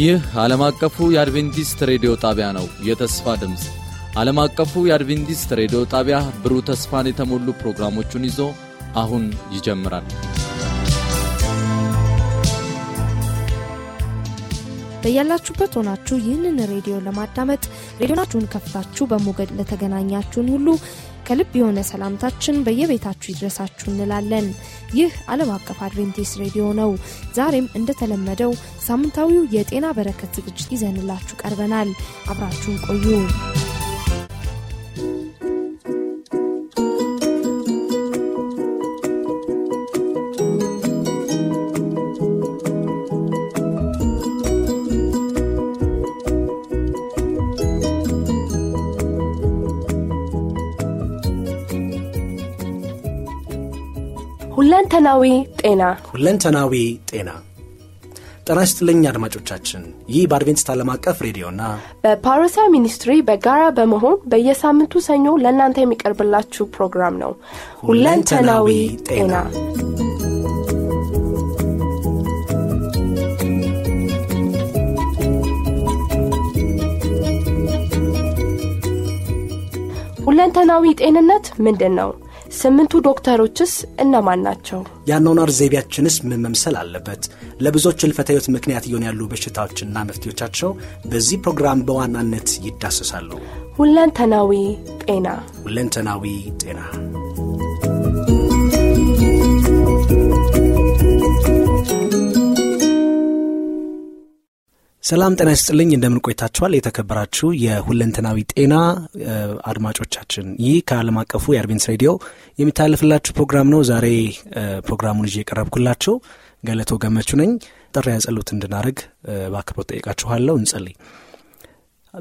ይህ ዓለም አቀፉ የአድቬንቲስት ሬዲዮ ጣቢያ ነው። የተስፋ ድምፅ ዓለም አቀፉ የአድቬንቲስት ሬዲዮ ጣቢያ ብሩህ ተስፋን የተሞሉ ፕሮግራሞቹን ይዞ አሁን ይጀምራል። በያላችሁበት ሆናችሁ ይህንን ሬዲዮ ለማዳመጥ ሬዲዮናችሁን ከፍታችሁ በሞገድ ለተገናኛችሁን ሁሉ ከልብ የሆነ ሰላምታችን በየቤታችሁ ይድረሳችሁ እንላለን። ይህ ዓለም አቀፍ አድቬንቲስት ሬዲዮ ነው። ዛሬም እንደተለመደው ሳምንታዊው የጤና በረከት ዝግጅት ይዘንላችሁ ቀርበናል። አብራችሁን ቆዩ። ሁለንተናዊ ጤና ሁለንተናዊ ጤና ጤና ይስጥልኝ አድማጮቻችን። ይህ በአድቬንስት ዓለም አቀፍ ሬዲዮና በፓሮሲያ ሚኒስትሪ በጋራ በመሆን በየሳምንቱ ሰኞ ለእናንተ የሚቀርብላችሁ ፕሮግራም ነው። ሁለንተናዊ ጤና ሁለንተናዊ ጤንነት ምንድን ነው? ስምንቱ ዶክተሮችስ እነማን ናቸው? የአኗኗር ዘይቤያችንስ ምን መምሰል አለበት? ለብዙዎች ሕልፈተ ምክንያት እየሆኑ ያሉ በሽታዎችና መፍትሄዎቻቸው በዚህ ፕሮግራም በዋናነት ይዳሰሳሉ። ሁለንተናዊ ጤና ሁለንተናዊ ጤና ሰላም ጤና ይስጥልኝ፣ እንደምን ቆይታችኋል? የተከበራችሁ የሁለንተናዊ ጤና አድማጮቻችን፣ ይህ ከአለም አቀፉ የአድቬንስ ሬዲዮ የሚታለፍላችሁ ፕሮግራም ነው። ዛሬ ፕሮግራሙን ይዤ የቀረብኩላችሁ ገለቶ ገመቹ ነኝ። ጥሪ ያጸሉት እንድናደርግ በአክብሮት ጠይቃችኋለሁ። እንጸልይ።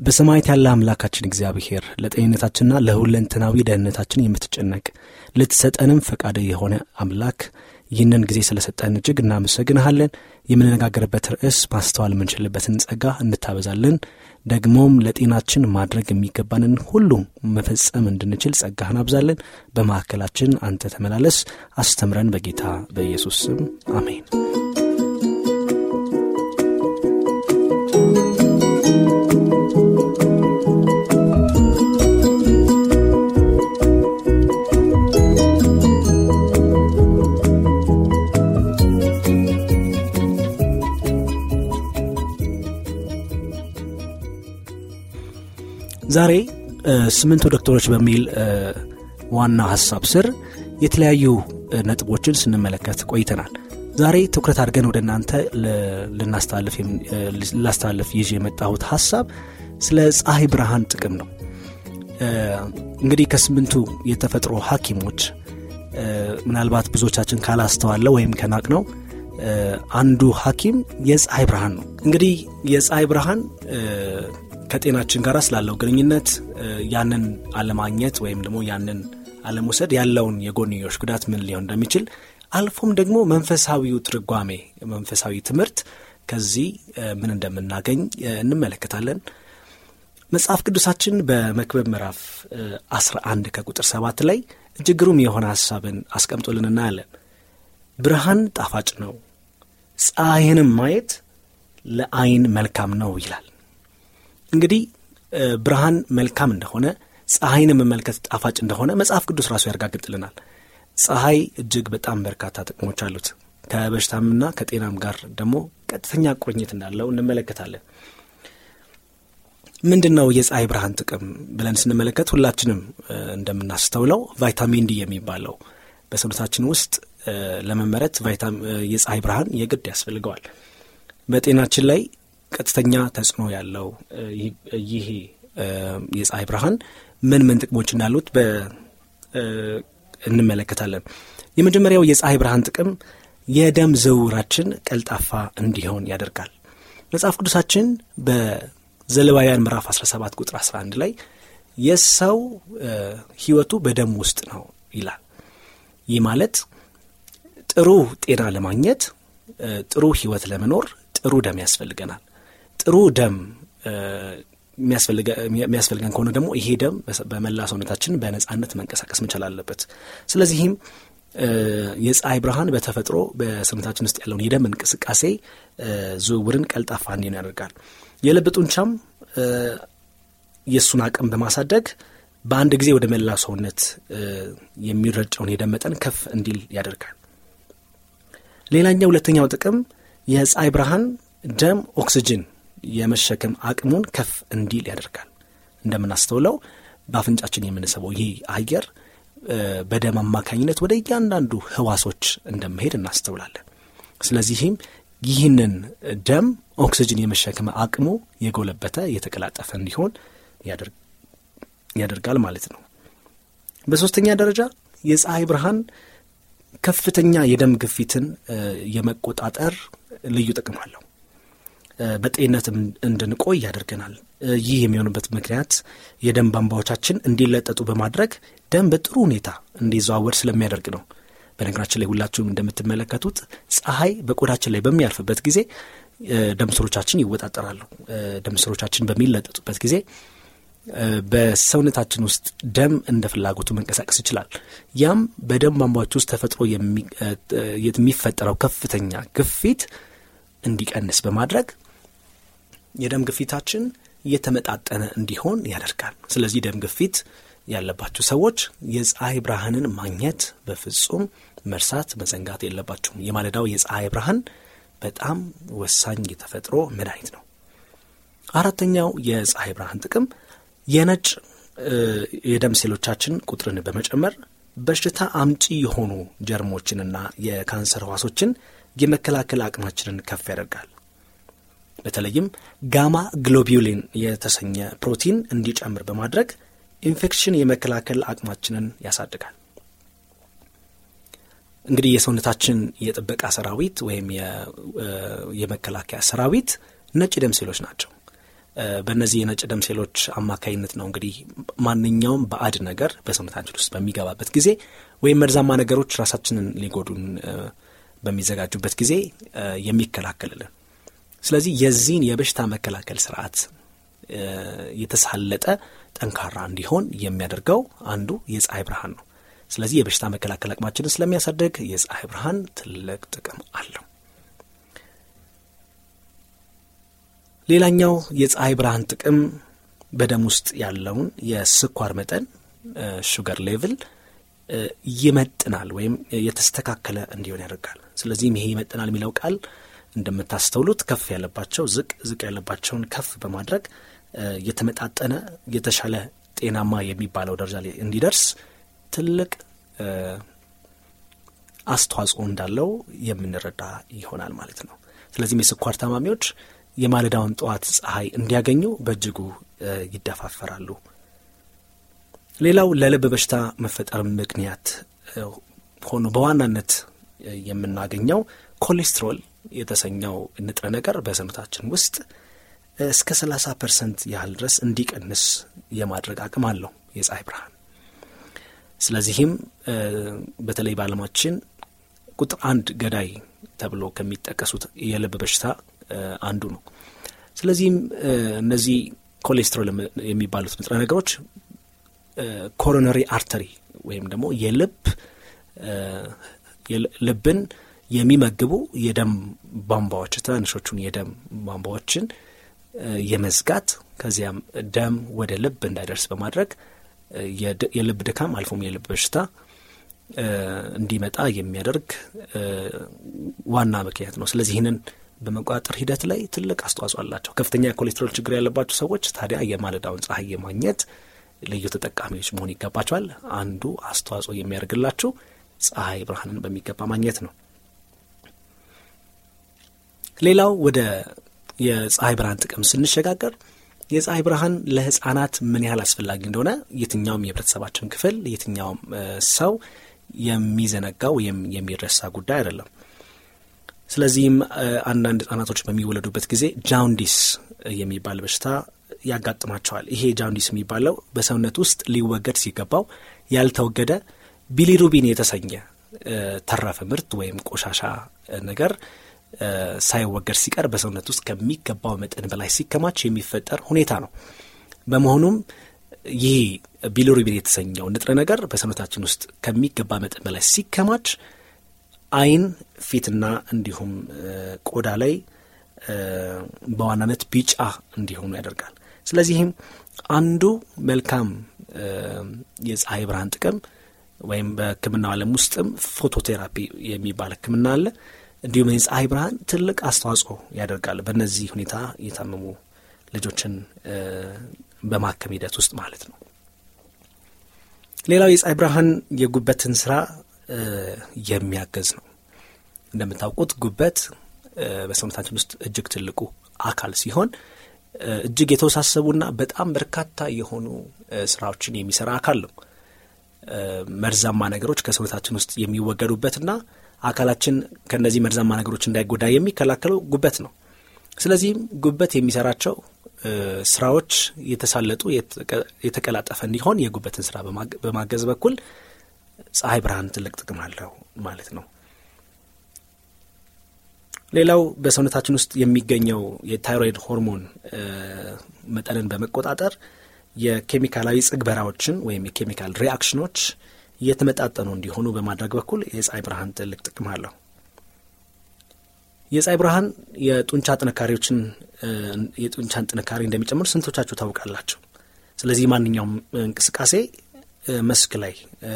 በሰማያት ያለ አምላካችን እግዚአብሔር ለጤንነታችንና ለሁለንትናዊ ደህንነታችን የምትጨነቅ ልትሰጠንም ፈቃደ የሆነ አምላክ ይህንን ጊዜ ስለሰጠን እጅግ እናመሰግንሃለን። የምንነጋገርበት ርዕስ ማስተዋል የምንችልበትን ጸጋ እንታበዛለን፣ ደግሞም ለጤናችን ማድረግ የሚገባንን ሁሉ መፈጸም እንድንችል ጸጋህን አብዛለን። በማዕከላችን አንተ ተመላለስ፣ አስተምረን። በጌታ በኢየሱስ ስም አሜን። ዛሬ ስምንቱ ዶክተሮች በሚል ዋና ሀሳብ ስር የተለያዩ ነጥቦችን ስንመለከት ቆይተናል። ዛሬ ትኩረት አድርገን ወደ እናንተ ላስተላልፍ ይዥ የመጣሁት ሀሳብ ስለ ፀሐይ ብርሃን ጥቅም ነው። እንግዲህ ከስምንቱ የተፈጥሮ ሐኪሞች ምናልባት ብዙዎቻችን ካላስተዋለ ወይም ከናቅ ነው አንዱ ሐኪም የፀሐይ ብርሃን ነው። እንግዲህ የፀሐይ ብርሃን ከጤናችን ጋር ስላለው ግንኙነት ያንን አለማግኘት ወይም ደግሞ ያንን አለመውሰድ ያለውን የጎንዮሽ ጉዳት ምን ሊሆን እንደሚችል አልፎም ደግሞ መንፈሳዊው ትርጓሜ መንፈሳዊ ትምህርት ከዚህ ምን እንደምናገኝ እንመለከታለን። መጽሐፍ ቅዱሳችን በመክበብ ምዕራፍ 11 ከቁጥር 7 ላይ እጅግሩም የሆነ ሐሳብን አስቀምጦልን እናያለን። ብርሃን ጣፋጭ ነው፣ ፀሐይንም ማየት ለአይን መልካም ነው ይላል። እንግዲህ ብርሃን መልካም እንደሆነ ፀሐይን መመልከት ጣፋጭ እንደሆነ መጽሐፍ ቅዱስ ራሱ ያረጋግጥልናል። ፀሐይ እጅግ በጣም በርካታ ጥቅሞች አሉት። ከበሽታምና ከጤናም ጋር ደግሞ ቀጥተኛ ቁርኝት እንዳለው እንመለከታለን። ምንድን ነው የፀሐይ ብርሃን ጥቅም ብለን ስንመለከት ሁላችንም እንደምናስተውለው ቫይታሚን ዲ የሚባለው በሰውነታችን ውስጥ ለመመረት የፀሐይ ብርሃን የግድ ያስፈልገዋል። በጤናችን ላይ ቀጥተኛ ተጽዕኖ ያለው ይሄ የፀሐይ ብርሃን ምን ምን ጥቅሞች እንዳሉት እንመለከታለን። የመጀመሪያው የፀሐይ ብርሃን ጥቅም የደም ዝውውራችን ቀልጣፋ እንዲሆን ያደርጋል። መጽሐፍ ቅዱሳችን በዘለባውያን ምዕራፍ 17 ቁጥር 11 ላይ የሰው ህይወቱ በደም ውስጥ ነው ይላል። ይህ ማለት ጥሩ ጤና ለማግኘት ጥሩ ህይወት ለመኖር ጥሩ ደም ያስፈልገናል። ጥሩ ደም የሚያስፈልገን ከሆነ ደግሞ ይሄ ደም በመላ ሰውነታችን በነጻነት መንቀሳቀስ መቻል አለበት። ስለዚህም የፀሐይ ብርሃን በተፈጥሮ በሰውነታችን ውስጥ ያለውን የደም እንቅስቃሴ ዝውውርን ቀልጣፋ እንዲሆን ያደርጋል። የልብ ጡንቻም የእሱን አቅም በማሳደግ በአንድ ጊዜ ወደ መላ ሰውነት የሚረጨውን የደም መጠን ከፍ እንዲል ያደርጋል። ሌላኛው ሁለተኛው ጥቅም የፀሐይ ብርሃን ደም ኦክስጅን የመሸከም አቅሙን ከፍ እንዲል ያደርጋል። እንደምናስተውለው በአፍንጫችን የምንስበው ይህ አየር በደም አማካኝነት ወደ እያንዳንዱ ህዋሶች እንደመሄድ እናስተውላለን። ስለዚህም ይህንን ደም ኦክስጅን የመሸከመ አቅሙ የጎለበተ የተቀላጠፈ እንዲሆን ያደርጋል ማለት ነው። በሶስተኛ ደረጃ የፀሐይ ብርሃን ከፍተኛ የደም ግፊትን የመቆጣጠር ልዩ ጥቅም አለው። በጤንነትም እንድንቆይ ያደርገናል። ይህ የሚሆንበት ምክንያት የደም ቧንቧዎቻችን እንዲለጠጡ በማድረግ ደም በጥሩ ሁኔታ እንዲዘዋወድ ስለሚያደርግ ነው። በነገራችን ላይ ሁላችሁም እንደምትመለከቱት ፀሐይ በቆዳችን ላይ በሚያርፍበት ጊዜ ደምስሮቻችን ይወጣጠራሉ። ደምስሮቻችን በሚለጠጡበት ጊዜ በሰውነታችን ውስጥ ደም እንደ ፍላጎቱ መንቀሳቀስ ይችላል። ያም በደም ቧንቧዎች ውስጥ ተፈጥሮ የሚፈጠረው ከፍተኛ ግፊት እንዲቀንስ በማድረግ የደም ግፊታችን እየተመጣጠነ እንዲሆን ያደርጋል። ስለዚህ ደም ግፊት ያለባችሁ ሰዎች የፀሐይ ብርሃንን ማግኘት በፍጹም መርሳት መዘንጋት የለባችሁም። የማለዳው የፀሐይ ብርሃን በጣም ወሳኝ የተፈጥሮ መድኃኒት ነው። አራተኛው የፀሐይ ብርሃን ጥቅም የነጭ የደም ሴሎቻችን ቁጥርን በመጨመር በሽታ አምጪ የሆኑ ጀርሞችንና የካንሰር ህዋሶችን የመከላከል አቅማችንን ከፍ ያደርጋል። በተለይም ጋማ ግሎቢውሊን የተሰኘ ፕሮቲን እንዲጨምር በማድረግ ኢንፌክሽን የመከላከል አቅማችንን ያሳድጋል። እንግዲህ የሰውነታችን የጥበቃ ሰራዊት ወይም የመከላከያ ሰራዊት ነጭ ደም ሴሎች ናቸው። በእነዚህ የነጭ ደም ሴሎች አማካይነት ነው እንግዲህ ማንኛውም ባዕድ ነገር በሰውነታችን ውስጥ በሚገባበት ጊዜ ወይም መርዛማ ነገሮች ራሳችንን ሊጎዱን በሚዘጋጁበት ጊዜ የሚከላከልልን ስለዚህ የዚህን የበሽታ መከላከል ስርዓት የተሳለጠ ጠንካራ እንዲሆን የሚያደርገው አንዱ የፀሐይ ብርሃን ነው። ስለዚህ የበሽታ መከላከል አቅማችንን ስለሚያሳደግ የፀሐይ ብርሃን ትልቅ ጥቅም አለው። ሌላኛው የፀሐይ ብርሃን ጥቅም በደም ውስጥ ያለውን የስኳር መጠን ሹገር ሌቭል ይመጥናል ወይም የተስተካከለ እንዲሆን ያደርጋል። ስለዚህም ይሄ ይመጥናል የሚለው ቃል እንደምታስተውሉት ከፍ ያለባቸው ዝቅ ዝቅ ያለባቸውን ከፍ በማድረግ የተመጣጠነ የተሻለ ጤናማ የሚባለው ደረጃ ላይ እንዲደርስ ትልቅ አስተዋጽኦ እንዳለው የምንረዳ ይሆናል ማለት ነው። ስለዚህም የስኳር ታማሚዎች የማለዳውን ጠዋት ፀሐይ እንዲያገኙ በእጅጉ ይደፋፈራሉ። ሌላው ለልብ በሽታ መፈጠር ምክንያት ሆኖ በዋናነት የምናገኘው ኮሌስትሮል የተሰኘው ንጥረ ነገር በሰውነታችን ውስጥ እስከ 30 ፐርሰንት ያህል ድረስ እንዲቀንስ የማድረግ አቅም አለው የፀሐይ ብርሃን። ስለዚህም በተለይ በዓለማችን ቁጥር አንድ ገዳይ ተብሎ ከሚጠቀሱት የልብ በሽታ አንዱ ነው። ስለዚህም እነዚህ ኮሌስትሮል የሚባሉት ንጥረ ነገሮች ኮሮነሪ አርተሪ ወይም ደግሞ የልብ ልብን የሚመግቡ የደም ቧንቧዎች ትናንሾቹን የደም ቧንቧዎችን የመዝጋት ከዚያም ደም ወደ ልብ እንዳይደርስ በማድረግ የልብ ድካም አልፎም የልብ በሽታ እንዲመጣ የሚያደርግ ዋና ምክንያት ነው። ስለዚህ ይህንን በመቆጣጠር ሂደት ላይ ትልቅ አስተዋጽኦ አላቸው። ከፍተኛ የኮሌስትሮል ችግር ያለባቸው ሰዎች ታዲያ የማለዳውን ፀሐይ የማግኘት ልዩ ተጠቃሚዎች መሆን ይገባቸዋል። አንዱ አስተዋጽኦ የሚያደርግላቸው ፀሐይ ብርሃንን በሚገባ ማግኘት ነው። ሌላው ወደ የፀሐይ ብርሃን ጥቅም ስንሸጋገር የፀሐይ ብርሃን ለህፃናት ምን ያህል አስፈላጊ እንደሆነ የትኛውም የህብረተሰባችን ክፍል የትኛውም ሰው የሚዘነጋው የሚረሳ ጉዳይ አይደለም። ስለዚህም አንዳንድ ህጻናቶች በሚወለዱበት ጊዜ ጃውንዲስ የሚባል በሽታ ያጋጥማቸዋል። ይሄ ጃውንዲስ የሚባለው በሰውነት ውስጥ ሊወገድ ሲገባው ያልተወገደ ቢሊሩቢን የተሰኘ ተረፈ ምርት ወይም ቆሻሻ ነገር ሳይወገድ ሲቀር በሰውነት ውስጥ ከሚገባው መጠን በላይ ሲከማች የሚፈጠር ሁኔታ ነው። በመሆኑም ይህ ቢሊሩቢን የተሰኘው ንጥረ ነገር በሰውነታችን ውስጥ ከሚገባ መጠን በላይ ሲከማች ዓይን፣ ፊትና እንዲሁም ቆዳ ላይ በዋናነት ቢጫ እንዲሆኑ ያደርጋል። ስለዚህም አንዱ መልካም የፀሐይ ብርሃን ጥቅም ወይም በሕክምናው ዓለም ውስጥም ፎቶቴራፒ የሚባል ሕክምና አለ። እንዲሁም የፀሐይ ብርሃን ትልቅ አስተዋጽኦ ያደርጋል በእነዚህ ሁኔታ የታመሙ ልጆችን በማከም ሂደት ውስጥ ማለት ነው። ሌላው የፀሐይ ብርሃን የጉበትን ስራ የሚያገዝ ነው። እንደምታውቁት ጉበት በሰውነታችን ውስጥ እጅግ ትልቁ አካል ሲሆን እጅግ የተወሳሰቡና በጣም በርካታ የሆኑ ስራዎችን የሚሰራ አካል ነው። መርዛማ ነገሮች ከሰውነታችን ውስጥ የሚወገዱበትና አካላችን ከእነዚህ መርዛማ ነገሮች እንዳይጎዳ የሚከላከለው ጉበት ነው። ስለዚህም ጉበት የሚሰራቸው ስራዎች የተሳለጡ የተቀላጠፈ እንዲሆን የጉበትን ስራ በማገዝ በኩል ፀሐይ ብርሃን ትልቅ ጥቅም አለው ማለት ነው። ሌላው በሰውነታችን ውስጥ የሚገኘው የታይሮይድ ሆርሞን መጠንን በመቆጣጠር የኬሚካላዊ ጽግበራዎችን ወይም የኬሚካል ሪአክሽኖች የተመጣጠኑ እንዲሆኑ በማድረግ በኩል የፀሐይ ብርሃን ትልቅ ጥቅም አለው። የፀሐይ ብርሃን የጡንቻ ጥንካሬዎችን የጡንቻን ጥንካሬ እንደሚጨምር ስንቶቻችሁ ታውቃላችሁ? ስለዚህ ማንኛውም እንቅስቃሴ መስክ ላይ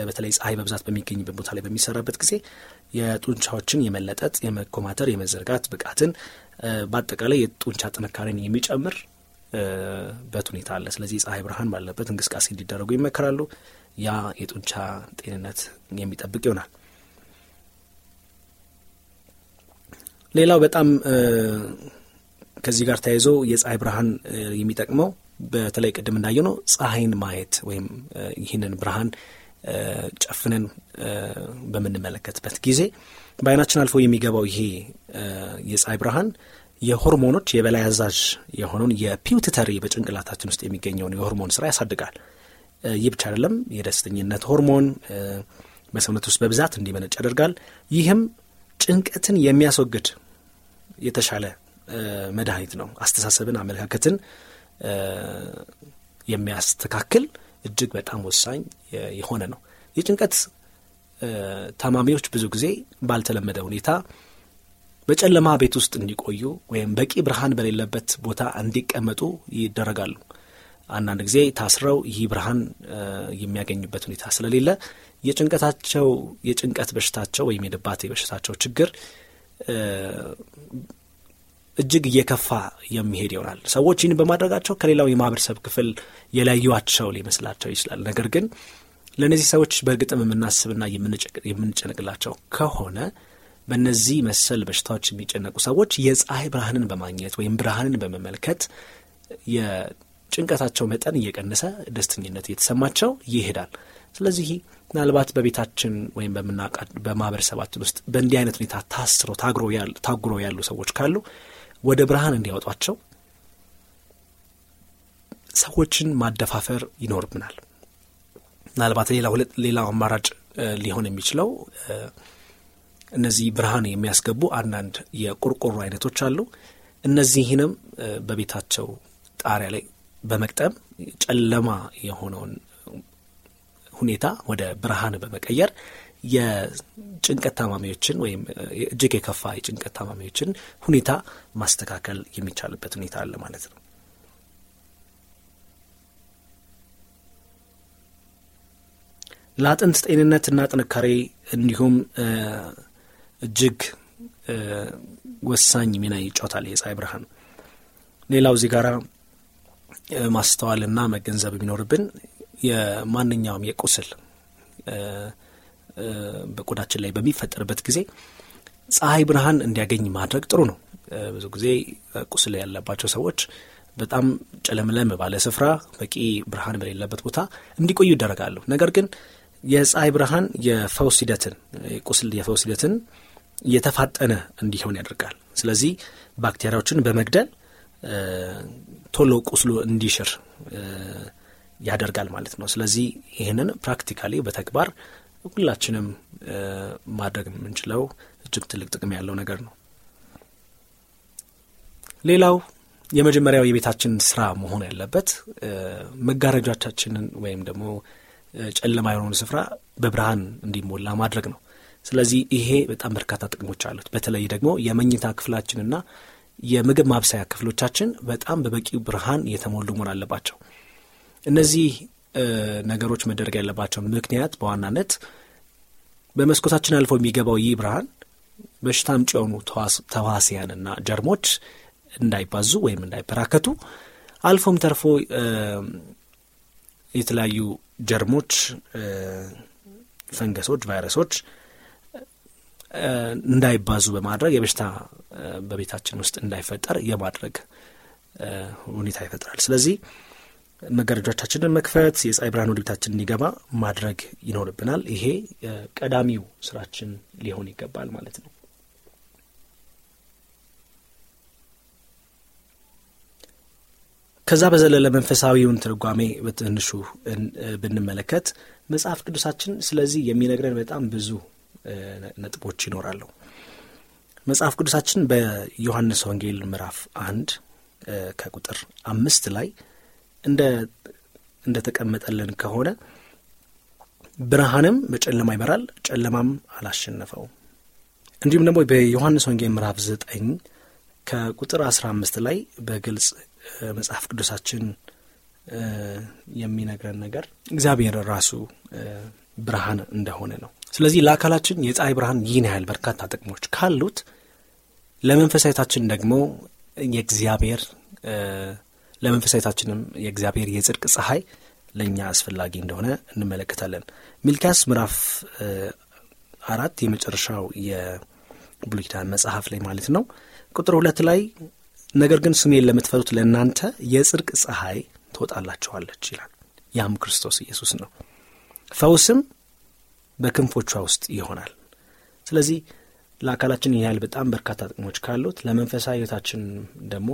በተለይ ፀሐይ በብዛት በሚገኝበት ቦታ ላይ በሚሰራበት ጊዜ የጡንቻዎችን የመለጠጥ፣ የመኮማተር፣ የመዘርጋት ብቃትን በአጠቃላይ የጡንቻ ጥንካሬን የሚጨምር በት ሁኔታ አለ። ስለዚህ የፀሐይ ብርሃን ባለበት እንቅስቃሴ እንዲደረጉ ይመከራሉ። ያ የጡንቻ ጤንነት የሚጠብቅ ይሆናል። ሌላው በጣም ከዚህ ጋር ተያይዞ የፀሐይ ብርሃን የሚጠቅመው በተለይ ቅድም እንዳየ ነው ፀሐይን ማየት ወይም ይህንን ብርሃን ጨፍነን በምንመለከትበት ጊዜ በአይናችን አልፎ የሚገባው ይሄ የፀሐይ ብርሃን የሆርሞኖች የበላይ አዛዥ የሆነውን የፒውትተሪ በጭንቅላታችን ውስጥ የሚገኘውን የሆርሞን ስራ ያሳድጋል። ይህ ብቻ አይደለም፣ የደስተኝነት ሆርሞን በሰውነት ውስጥ በብዛት እንዲመነጭ ያደርጋል። ይህም ጭንቀትን የሚያስወግድ የተሻለ መድኃኒት ነው። አስተሳሰብን፣ አመለካከትን የሚያስተካክል እጅግ በጣም ወሳኝ የሆነ ነው። የጭንቀት ታማሚዎች ብዙ ጊዜ ባልተለመደ ሁኔታ በጨለማ ቤት ውስጥ እንዲቆዩ ወይም በቂ ብርሃን በሌለበት ቦታ እንዲቀመጡ ይደረጋሉ። አንዳንድ ጊዜ ታስረው ይህ ብርሃን የሚያገኙበት ሁኔታ ስለሌለ የጭንቀታቸው የጭንቀት በሽታቸው ወይም የድባቴ በሽታቸው ችግር እጅግ እየከፋ የሚሄድ ይሆናል። ሰዎች ይህን በማድረጋቸው ከሌላው የማህበረሰብ ክፍል የለዩዋቸው ሊመስላቸው ይችላል። ነገር ግን ለእነዚህ ሰዎች በእርግጥም የምናስብና የምንጨነቅላቸው ከሆነ በእነዚህ መሰል በሽታዎች የሚጨነቁ ሰዎች የፀሐይ ብርሃንን በማግኘት ወይም ብርሃንን በመመልከት ጭንቀታቸው መጠን እየቀነሰ ደስተኝነት እየተሰማቸው ይሄዳል። ስለዚህ ምናልባት በቤታችን ወይም በምናቃ በማህበረሰባችን ውስጥ በእንዲህ አይነት ሁኔታ ታስሮ ታጉረው ያሉ ሰዎች ካሉ ወደ ብርሃን እንዲያወጧቸው ሰዎችን ማደፋፈር ይኖርብናል። ምናልባት ሌላው አማራጭ ሊሆን የሚችለው እነዚህ ብርሃን የሚያስገቡ አንዳንድ የቆርቆሮ አይነቶች አሉ። እነዚህንም በቤታቸው ጣሪያ ላይ በመቅጠም ጨለማ የሆነውን ሁኔታ ወደ ብርሃን በመቀየር የጭንቀት ታማሚዎችን ወይም እጅግ የከፋ የጭንቀት ታማሚዎችን ሁኔታ ማስተካከል የሚቻልበት ሁኔታ አለ ማለት ነው። ለአጥንት ጤንነትና ጥንካሬ እንዲሁም እጅግ ወሳኝ ሚና ይጫወታል የፀሐይ ብርሃን። ሌላው እዚህ ጋራ ማስተዋልና መገንዘብ የሚኖርብን የማንኛውም የቁስል በቆዳችን ላይ በሚፈጠርበት ጊዜ ፀሐይ ብርሃን እንዲያገኝ ማድረግ ጥሩ ነው። ብዙ ጊዜ ቁስል ያለባቸው ሰዎች በጣም ጨለምለም ባለ ስፍራ በቂ ብርሃን በሌለበት ቦታ እንዲቆዩ ይደረጋሉ። ነገር ግን የፀሐይ ብርሃን የፈውስ ሂደትን ቁስል የፈውስ ሂደትን እየተፋጠነ እንዲሆን ያደርጋል። ስለዚህ ባክቴሪያዎችን በመግደል ቶሎ ቁስሉ እንዲሽር ያደርጋል ማለት ነው። ስለዚህ ይህንን ፕራክቲካሊ በተግባር ሁላችንም ማድረግ የምንችለው እጅግ ትልቅ ጥቅም ያለው ነገር ነው። ሌላው የመጀመሪያው የቤታችን ስራ መሆን ያለበት መጋረጃቻችንን ወይም ደግሞ ጨለማ የሆኑ ስፍራ በብርሃን እንዲሞላ ማድረግ ነው። ስለዚህ ይሄ በጣም በርካታ ጥቅሞች አሉት። በተለይ ደግሞ የመኝታ ክፍላችንና የምግብ ማብሰያ ክፍሎቻችን በጣም በበቂ ብርሃን የተሞሉ መሆን አለባቸው። እነዚህ ነገሮች መደረግ ያለባቸው ምክንያት በዋናነት በመስኮታችን አልፎ የሚገባው ይህ ብርሃን በሽታ ምጭ የሆኑ ተዋሲያንና ጀርሞች እንዳይባዙ ወይም እንዳይበራከቱ አልፎም ተርፎ የተለያዩ ጀርሞች፣ ፈንገሶች፣ ቫይረሶች እንዳይባዙ በማድረግ የበሽታ በቤታችን ውስጥ እንዳይፈጠር የማድረግ ሁኔታ ይፈጥራል። ስለዚህ መጋረጃዎቻችንን መክፈት፣ የፀሐይ ብርሃን ወደ ቤታችን እንዲገባ ማድረግ ይኖርብናል። ይሄ ቀዳሚው ስራችን ሊሆን ይገባል ማለት ነው። ከዛ በዘለለ መንፈሳዊውን ትርጓሜ በትንሹ ብንመለከት መጽሐፍ ቅዱሳችን ስለዚህ የሚነግረን በጣም ብዙ ነጥቦች ይኖራሉ። መጽሐፍ ቅዱሳችን በዮሐንስ ወንጌል ምዕራፍ አንድ ከቁጥር አምስት ላይ እንደ እንደ ተቀመጠልን ከሆነ ብርሃንም በጨለማ ይበራል፣ ጨለማም አላሸነፈው። እንዲሁም ደግሞ በዮሐንስ ወንጌል ምዕራፍ ዘጠኝ ከቁጥር አስራ አምስት ላይ በግልጽ መጽሐፍ ቅዱሳችን የሚነግረን ነገር እግዚአብሔር ራሱ ብርሃን እንደሆነ ነው። ስለዚህ ለአካላችን የፀሐይ ብርሃን ይህን ያህል በርካታ ጥቅሞች ካሉት ለመንፈሳዊታችን ደግሞ የእግዚአብሔር ለመንፈሳዊታችንም የእግዚአብሔር የጽድቅ ፀሐይ ለእኛ አስፈላጊ እንደሆነ እንመለከታለን። ሚልኪያስ ምዕራፍ አራት የመጨረሻው የብሉኪዳን መጽሐፍ ላይ ማለት ነው ቁጥር ሁለት ላይ ነገር ግን ስሜን ለምትፈሩት ለእናንተ የጽድቅ ፀሐይ ትወጣላችኋለች ይላል። ያም ክርስቶስ ኢየሱስ ነው። ፈውስም በክንፎቿ ውስጥ ይሆናል። ስለዚህ ለአካላችን ይህ ያህል በጣም በርካታ ጥቅሞች ካሉት ለመንፈሳዊ ህይወታችን ደግሞ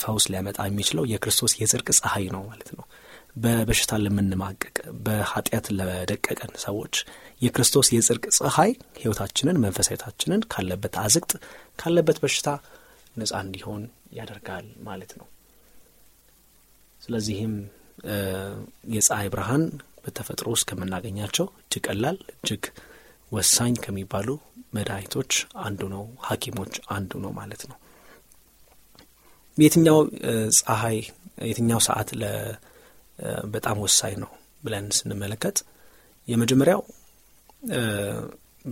ፈውስ ሊያመጣ የሚችለው የክርስቶስ የጽድቅ ፀሐይ ነው ማለት ነው። በበሽታ ለምንማቀቅ በኃጢአት ለደቀቀን ሰዎች የክርስቶስ የጽድቅ ፀሐይ ህይወታችንን መንፈሳዊ ህይወታችንን ካለበት አዝቅጥ ካለበት በሽታ ነጻ እንዲሆን ያደርጋል ማለት ነው። ስለዚህም የፀሐይ ብርሃን በተፈጥሮ ውስጥ ከምናገኛቸው እጅግ ቀላል እጅግ ወሳኝ ከሚባሉ መድኃኒቶች አንዱ ነው። ሀኪሞች አንዱ ነው ማለት ነው። የትኛው ፀሐይ የትኛው ሰዓት በጣም ወሳኝ ነው ብለን ስንመለከት የመጀመሪያው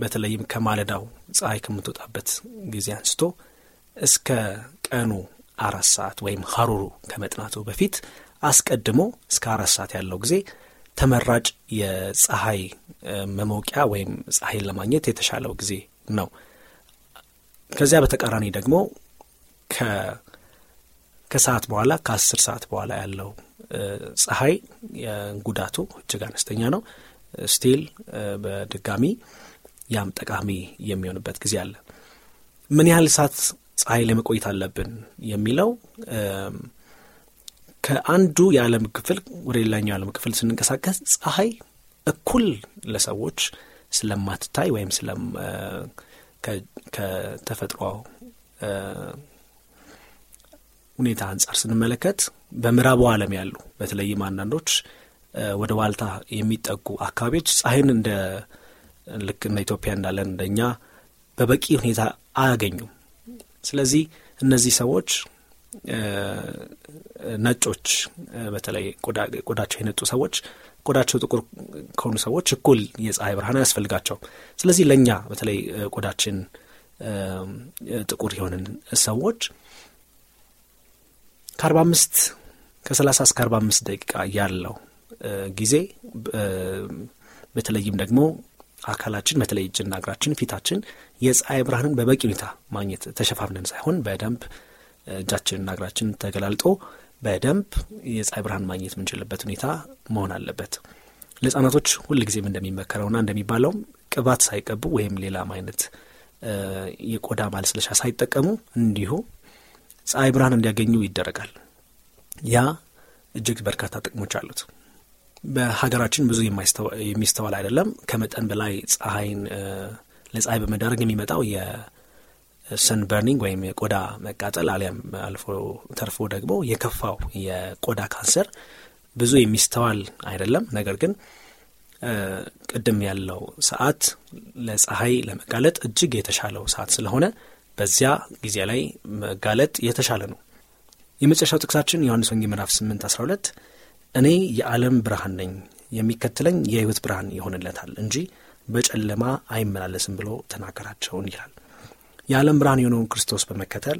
በተለይም ከማለዳው ፀሐይ ከምትወጣበት ጊዜ አንስቶ እስከ ቀኑ አራት ሰዓት ወይም ሀሩሩ ከመጥናቱ በፊት አስቀድሞ እስከ አራት ሰዓት ያለው ጊዜ ተመራጭ የፀሐይ መሞቂያ ወይም ፀሐይን ለማግኘት የተሻለው ጊዜ ነው። ከዚያ በተቃራኒ ደግሞ ከሰዓት በኋላ ከአስር ሰዓት በኋላ ያለው ፀሐይ ጉዳቱ እጅግ አነስተኛ ነው። ስቲል በድጋሚ ያም ጠቃሚ የሚሆንበት ጊዜ አለ። ምን ያህል ሰዓት ፀሐይ ላይ መቆየት አለብን የሚለው ከአንዱ የዓለም ክፍል ወደ ሌላኛው የዓለም ክፍል ስንንቀሳቀስ ፀሐይ እኩል ለሰዎች ስለማትታይ ወይም ከተፈጥሮ ሁኔታ አንጻር ስንመለከት በምዕራቡ ዓለም ያሉ በተለይም አንዳንዶች ወደ ዋልታ የሚጠጉ አካባቢዎች ፀሐይን እንደ ልክ እንደ ኢትዮጵያ እንዳለን እንደኛ በበቂ ሁኔታ አያገኙም። ስለዚህ እነዚህ ሰዎች ነጮች በተለይ ቆዳቸው የነጡ ሰዎች ቆዳቸው ጥቁር ከሆኑ ሰዎች እኩል የፀሐይ ብርሃን አያስፈልጋቸውም። ስለዚህ ለእኛ በተለይ ቆዳችን ጥቁር የሆንን ሰዎች ከአርባ አምስት ከሰላሳ እስከ አርባ አምስት ደቂቃ ያለው ጊዜ በተለይም ደግሞ አካላችን በተለይ እጅና እግራችን፣ ፊታችን የፀሐይ ብርሃንን በበቂ ሁኔታ ማግኘት ተሸፋፍነን ሳይሆን በደንብ እጃችንና እግራችን ተገላልጦ በደንብ የፀሐይ ብርሃን ማግኘት የምንችልበት ሁኔታ መሆን አለበት። ለህጻናቶች እንደሚመከረው እንደሚመከረውና እንደሚባለውም ቅባት ሳይቀቡ ወይም ሌላም አይነት የቆዳ ማለስለሻ ሳይጠቀሙ እንዲሁ ፀሐይ ብርሃን እንዲያገኙ ይደረጋል። ያ እጅግ በርካታ ጥቅሞች አሉት። በሀገራችን ብዙ የሚስተዋል አይደለም። ከመጠን በላይ ፀሐይን ለፀሐይ በመዳረግ የሚመጣው ሰንበርኒንግ ወይም የቆዳ መቃጠል አሊያም አልፎ ተርፎ ደግሞ የከፋው የቆዳ ካንሰር ብዙ የሚስተዋል አይደለም። ነገር ግን ቅድም ያለው ሰዓት ለፀሐይ ለመጋለጥ እጅግ የተሻለው ሰዓት ስለሆነ በዚያ ጊዜ ላይ መጋለጥ የተሻለ ነው። የመጨረሻው ጥቅሳችን ዮሐንስ ወንጌ ምዕራፍ 8 12 እኔ የዓለም ብርሃን ነኝ፣ የሚከተለኝ የህይወት ብርሃን ይሆንለታል እንጂ በጨለማ አይመላለስም ብሎ ተናገራቸውን ይላል። የዓለም ብርሃን የሆነውን ክርስቶስ በመከተል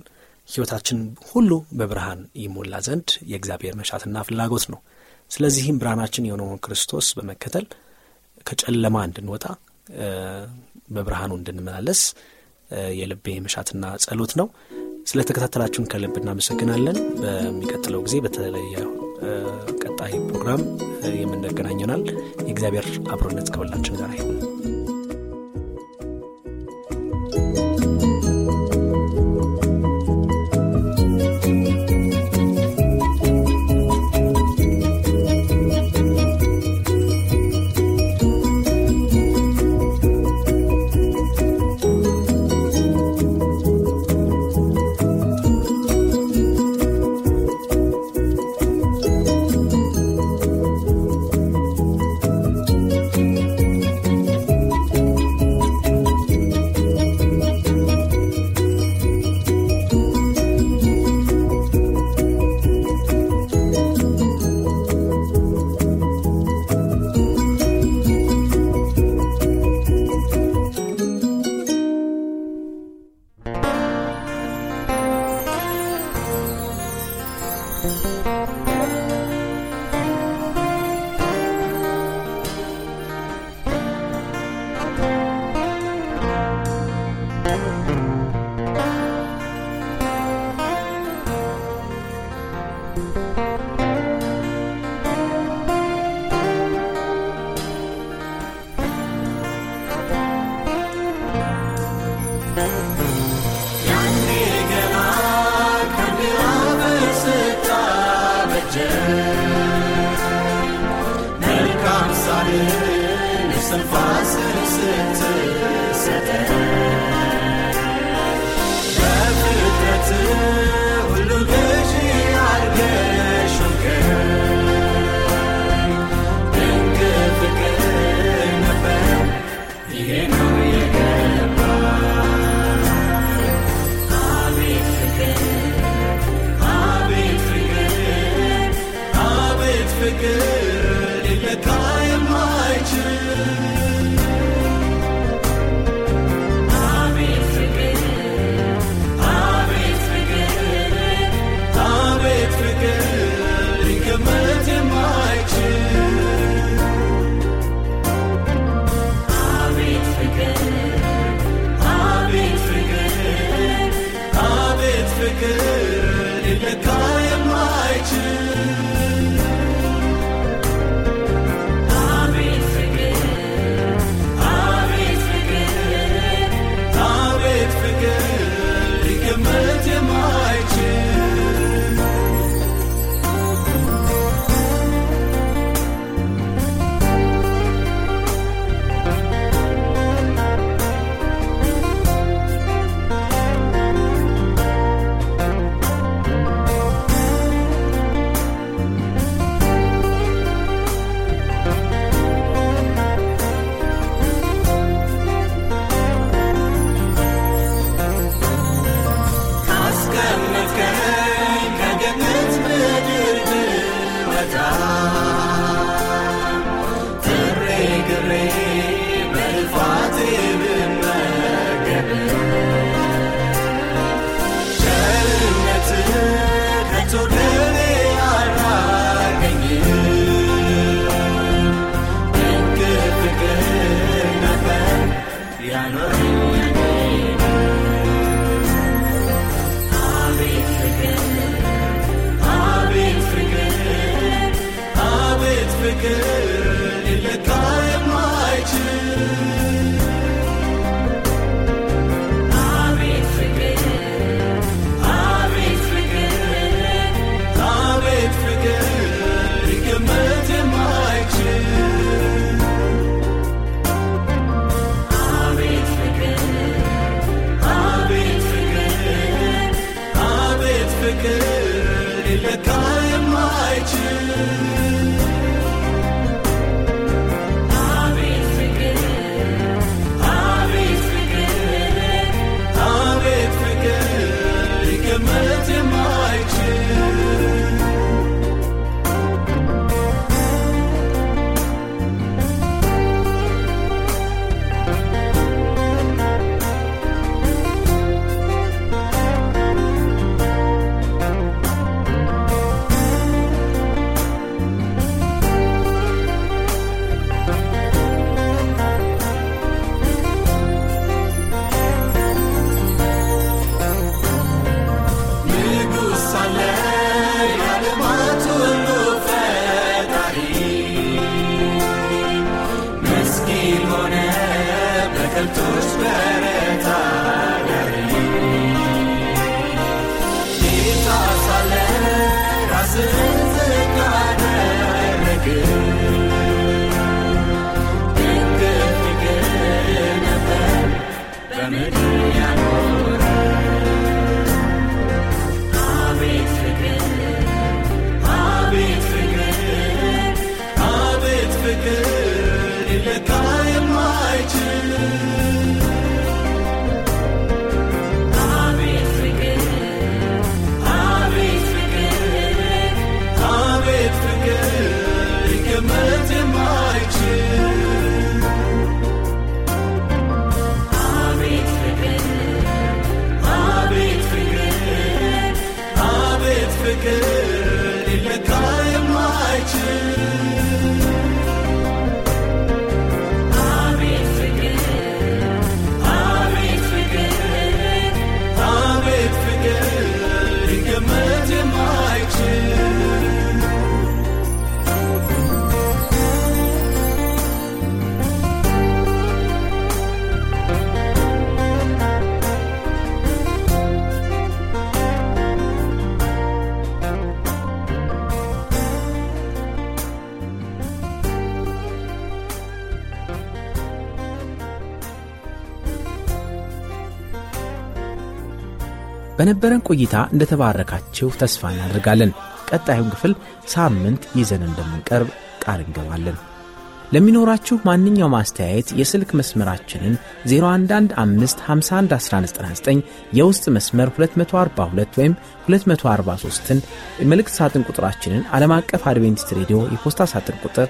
ሕይወታችን ሁሉ በብርሃን ይሞላ ዘንድ የእግዚአብሔር መሻትና ፍላጎት ነው። ስለዚህም ብርሃናችን የሆነውን ክርስቶስ በመከተል ከጨለማ እንድንወጣ በብርሃኑ እንድንመላለስ የልቤ መሻትና ጸሎት ነው። ስለ ተከታተላችሁን ከልብ እናመሰግናለን። በሚቀጥለው ጊዜ በተለየ ቀጣይ ፕሮግራም የምንገናኘናል። የእግዚአብሔር አብሮነት ከሁላችን ጋር ይሁን። forget que በነበረን ቆይታ እንደተባረካችሁ ተስፋ እናደርጋለን። ቀጣዩን ክፍል ሳምንት ይዘን እንደምንቀርብ ቃል እንገባለን። ለሚኖራችሁ ማንኛውም አስተያየት የስልክ መስመራችንን 011551199 የውስጥ መስመር 242 ወይም 243ን መልእክት ሳጥን ቁጥራችንን ዓለም አቀፍ አድቬንቲስት ሬዲዮ የፖስታ ሳጥን ቁጥር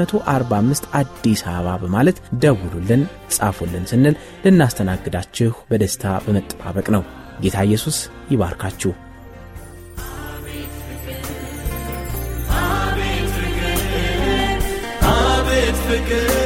145 አዲስ አበባ በማለት ደውሉልን፣ ጻፉልን ስንል ልናስተናግዳችሁ በደስታ በመጠባበቅ ነው። ጌታ ኢየሱስ ይባርካችሁ። ፍቅር